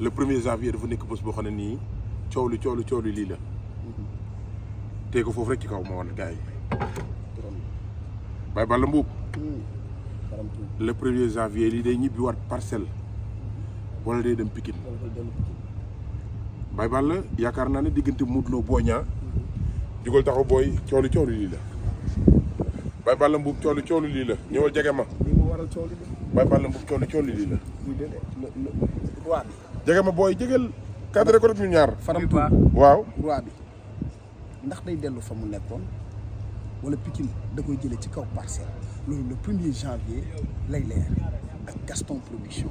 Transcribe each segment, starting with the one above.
le 1er janvier dafa nekk bés boo ni ne nii coow li la tee ko foofu rek ci kaw mo won gars bay balle mbou le 1er janvier li day ñibi waat parcelle wala day dem Pikine bay balle yaakaar naa ne diggante Modou boña digol taxaw boy coow li li la bay balle mbou coow li li la ñewal jege ma Baye Balla Mbuub coow li coow li lii la jege ma booy jegeel cadre ko ñu ñaar. waaw. roi bi ndax day dellu fa mu nekkoon wala Pikine da koy jëlee ci kaw parcelle loolu le premier janvier lay leer ak Gaston production.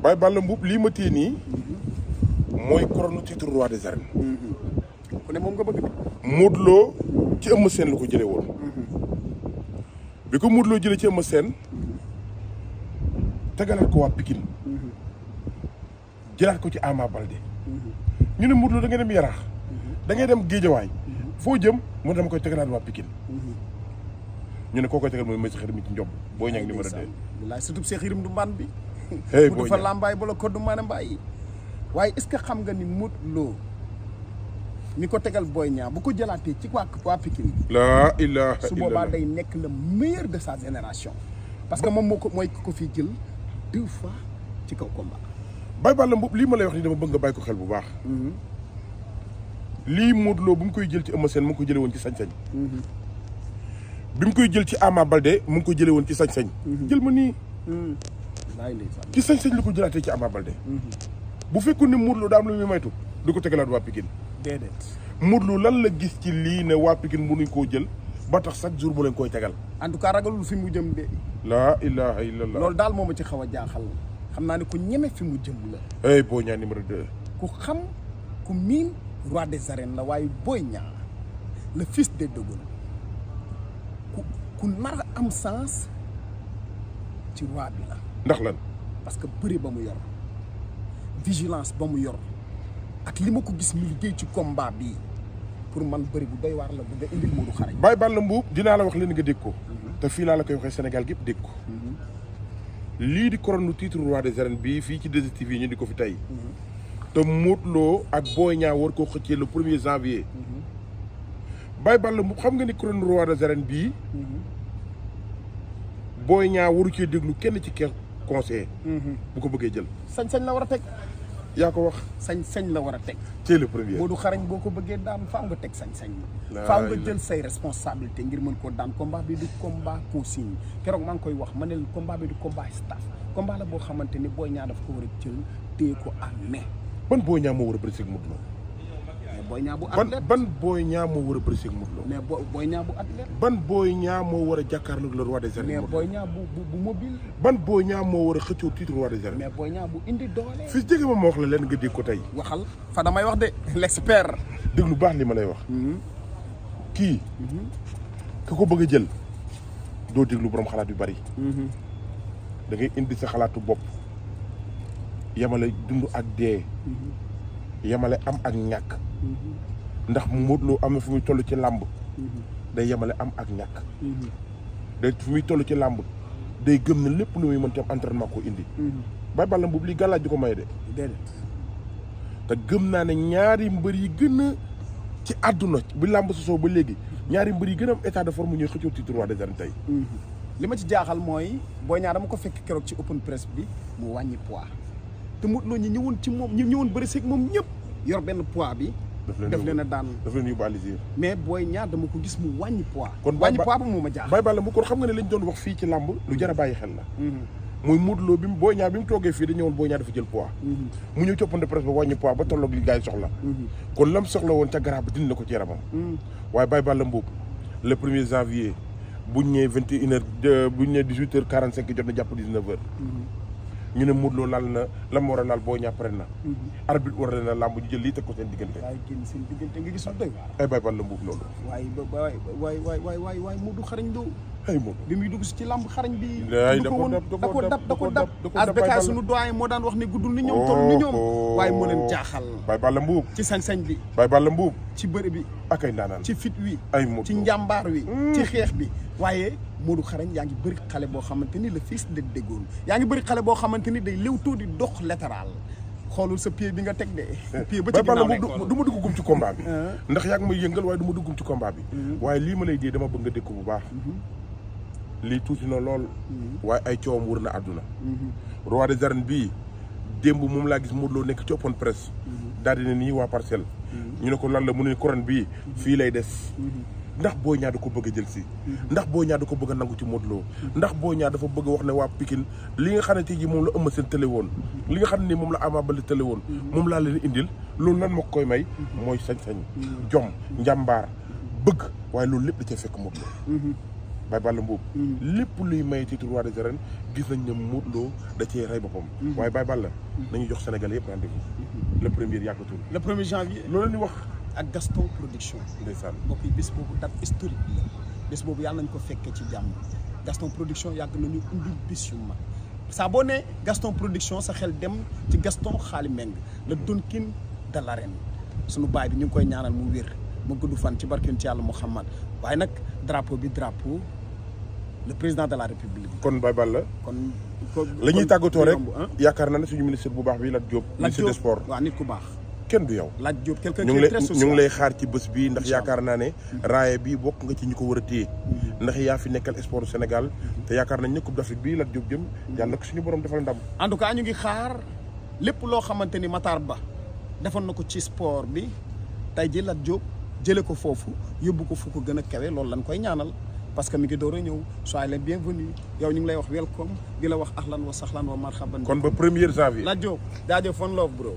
Baye Balla Mboup lii ma téye nii. Mhm. mooy couronne titre roi des arènes. Mhm. ku ne moom nga bëgg. Modou Lo ci Eumeu Sène la ko jëlee woon. Mhm. bi ko Modou Lo jëlee ci Eumeu Sène tegalaat ko waa Pikine. jëlat ko ci Ama balde ñu ne mudlu da ngay dem yarax da ngay dem way fo jëm mu ne dama koy tegalaat waa Pikine ñu ne koo koy tegal moy Mbaye xërmi ci ñom bo ñang ni mëna dé wallahi surtout Cheikh Yérim du mbaan bi hey bo fa lambaay bala ko du maana mbaay waye est-ce que xam nga ni mudlu mi ko tegal Boy Niang bu ko jëlaté ci wa wa Pikine la ilaha su boba day nekk le meilleur de sa génération parce que mom moko moy ko fi jël deux fois ci kaw combat Baye Balla Mbuub lii ma lay wax ni dama bëgg nga bàyyi ko xel bu baax. Mhm. lii Modou bu mu koy jël ci Eumeu Sène mu ko jële woon ci sañ-sañ. Mhm. koy jël ci Ama mu ngi ko jëlee woon ci sañ-sañ. Mhm. jël ma nii. ci sañ-sañ lu ko jëlaatee ci Ama Balde. bu fekkoon ne Modou Lo daa am maytu muy du ko tegalaat waa Pikine. déedéet Modou Lo lan la gis ci lii ne waa mu mënuñ koo jël ba tax chaque jour mu leen koy tegal. en tout cas ragalul fi mu jëm de. laa ilaha illallah. loolu daal moom ma ci xaw a jaaxal. xam naa ne ku ñeme fi mu jëm la. hey Boy Niang numéro 2. ku xam ku miin roi des arènes la waaye Boy Niang le fils de Dogon ku nar am sens ci roi bi la. ndax lan. parce que bëri ba mu yor vigilance ba mu yor ak li ma ko gis mu liggéey ci combat bi pour man bëri bu doy waar la bu nga indil Modou Xarañ. Baye Balla Mbuub dinaa la wax leen nga dégg ko. Mhm. te fii laa la koy waxee Sénégal gépp dégg ko. Mhm. li di couronne titre roi des arènes bii fii ci 2STV yi ñu di ko fi tay te Modou ak Boy Niang war ko xëccee le 1er janvier. Baye Balla mu xam nga ni couronne roi des arènes bii. Boy Niang waru ci déglu kenn ci conseil mm-hmm. bu ko bëggé jël. sañ-sañ la wara tek yaa ko wax sañ-sañ la war a teg. c'est le premier boo du xarañ boo ko bëggee daam faaw nga teg sañ-sañ la. faaw nga jël say responsabilité ngir mën koo daan combat bi du combat consigne keroog maa ngi koy wax ma ne combat bi du combat staff combat la boo xamante ni booy ñaa dafa ko war a jël téye ko à main. ban booy ñaa moo war a bëri Modou Lo Boy Niang ban booy Niang moo war a bëri ak Modou Lo. mais Boy Niang bu ban booy Niang moo war a jàkkaarloog le roi des arènes. mais Boy Niang bu ban Boy Niang moo war a xëccoo tiit roi des arènes. mais Boy Niang bu indi doole. fii jege ma ma wax la leen nga dégg ko tey. waxal fa damay wax de l'expert. dégg lu baax li ma lay wax. Mhm. kii. Mhm. ku ko bëgg a jël doo déglu borom xalaat yu bari. Mhm. da ngay indi sa xalaatu bopp yamale dund ak dee. yamale am ak ñak ndax Modou am na fu muy tollu ci lamb day yamale am ak ñak day fu muy tollu ci lamb day gëm ne lepp lu muy mën ci am entraînement ko indi bay ballam bu li galaj ko may de ta gëm na ne ñaari mbeur yi gëna a ci aduna bu lamb soso ba legi ñaari mbeur yi gëna a am état de forme ñuy xëccu ci droit de arènes tay mm-hmm. lima ci jaaxal moy Boy Niang dama ko fekk kérok ci open press bi mu wañi poids te Modou Lo ñu ñëwoon ci moom ñi ñëwoon bëri seeg moom ñëpp yor benn poids bi. daf leen daan daf leen yóbbu mais booy ñaar dama ko gis mu wàññi poids. kon wàññi ba moo ma jaaxal. Baye xam nga ne doon wax fii ci làmb lu bàyyi xel la. Mm-hmm. muy Modou Lo bi mu booy toogee fii dañu ñëwoon booy ñaar dafa jël poids. Mm-hmm. mu ñëw coppande presse ba wàññi poids ba tolloog li gars yi soxla. Mm-hmm. kon lam soxla woon ca garab dindi na ko ci yaramam. waaye Baye Balla Mbuub le premier janvier buñ ñëwee vingt une heure euh, buñ ñëwee dix huit heures quarante cinq jot na jàpp dix neuf heures ñu ne Modou loo laal na la mu war a laal boo ñàpp ren na. Mhm. arbitre war na làmb ji jël lii teg ko seen diggante. waaye génn seen diggante nga gis lu doy. ay bay ban la loolu. waaye ba waay waay waay waay waay Modou ay moom li muy dugg si ci lamb xarañ bi da ko dab da ko dab asbekaay sunu doyen moo daan wax ne guddul ni ñoom tol ni ñoom oh, oh. waaye moo leen jaaxal bay balla mbuub ci sañ-sañ bi bay balla mbuub ci bëri bi ak ay ndaanaan ci fit wi ay moom ci njàmbaar wi mm. ci xeex bi waaye Modou Xarañ yaa ngi bëri xale boo le fils de déggoon yaa ngi bëri xale boo day léwtoo di dox latéral xoolul sa pied bi nga teg de eh, pied ba ci ginnaaw lay du duggum ci combat bi eh. ndax yaa ngi may yëngal waaye duggum ci combat bi mm. waaye lii ma lay dee dama bëgg nga bu baax mm-hmm. lii tuuti na lool. Mhm. waaye ay coowam wër na àdduna. Mhm. roi des arènes bii démb moom laa gis Modou nekk ci open presse. Mhm. daal di ne nii waa parcelle. ñu ne ko lan la mu ne couronne bii fii lay des. ndax Boy Niang ko bëgg a jël si. ndax boo Niang da ko bëgg a nangu ci Modou ndax boo Niang dafa bëgg wax ne waa Pikine li nga xam ne tey jii moom la ëmb seen tële li nga xam ne moom la Ama Baldé tële woon. moom laa leen indil loolu lan moo koy may. mooy sañ-sañ. jom njàmbaar bëgg waaye loolu lépp da cee fekk Modou bay Balla Mbuub mm. lépp luy may titre roi des arènes gis nañ ne Modou Lo da cee rey boppam mm-hmm. waaye bay Balla mm-hmm. nañu jox Sénégal yëpp rendez-vous mm-hmm. le premier yàggatul le premier janvier loolu la ñuy wax ak Gaston Production ndeysaan mbokk yi bés boobu date historique la bés boobu yàlla nañ ko fekkee ci jàmm Gaston Production yàgg nañu indi bés yu ma saa boo ne Gaston Production sa xel dem ci Gaston xaali meng la Donkin de l'arène sunu baay bi ñu ngi koy ñaanal mu wér mu gudd fan ci barkeen ci yàlla Muhammad waaye nag drapeau bi drapeau le président de la république. kon Baye Balla la. kon lañuy tagoto rek yaakaar na suñu ministre bu baax bi la Diop. ministre des sports wa nit ku baax. ken du yow. la Diop quelqu'un qui est très social ñu ngi lay xaar ci bëss bi ndax yaakaar naa ne. Mm-hmm. raaya bi bok nga ci ñuko wëra tey mm-hmm. ndax ya fi nekkal sport Sénégal. Mm-hmm. té yaakaar nañ ne Coupe bi la Diop jëm. yalla ko suñu borom defal ndam. en tout cas ñu ngi xaar lepp lo xamanteni Matar Ba defal nako ci sport bi tay ji la Diop jëlé ko fofu yobbu ko fu gëna kawé lool lañ koy ñaanal parce que mi ngi door a ñëw sois le bienvenu yow ñu ngi lay wax welcome di la wax ahlan wa sahlan wa marhaban kon ba premier janvier. rajo jaajëf one love bro.